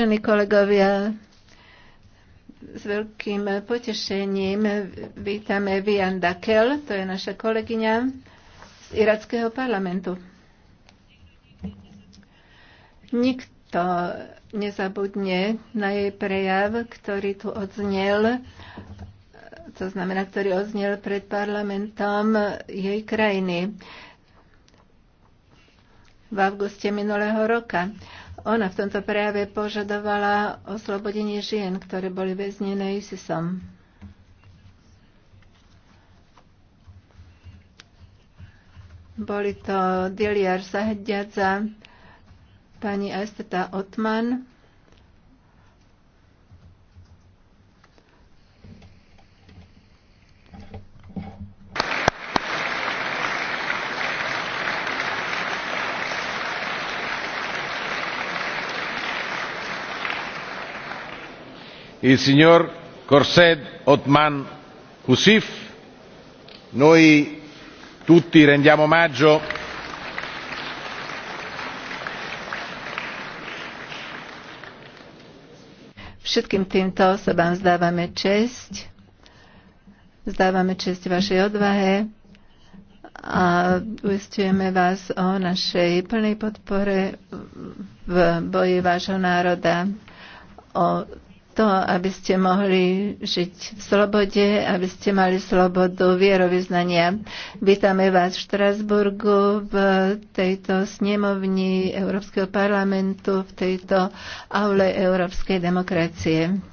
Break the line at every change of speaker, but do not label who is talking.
Vážení kolegovia, s veľkým potešením vítame Vian Dakel, to je naša kolegyňa z irackého parlamentu. Nikto nezabudne na jej prejav, ktorý tu odznel, to znamená, ktorý odznel pred parlamentom jej krajiny v auguste minulého roka. Ona v tomto prejave požadovala oslobodenie žien, ktoré boli väznené ISISom. Boli to Diliar Sahdiadza, pani Esteta Otman,
il signor khorshed othman khussif noi tutti rendiamo omaggio
Všetkým týmto osobám vzdávame česť, vzdávame česť vašej odvahe a uistujeme vás o našej plnej podpore v boji vášho národa o to, aby ste mohli žiť v slobode, aby ste mali slobodu vierovýznania. Vítame vás v Štrasburgu, v tejto snemovni Európskeho parlamentu, v tejto aule európskej demokracie.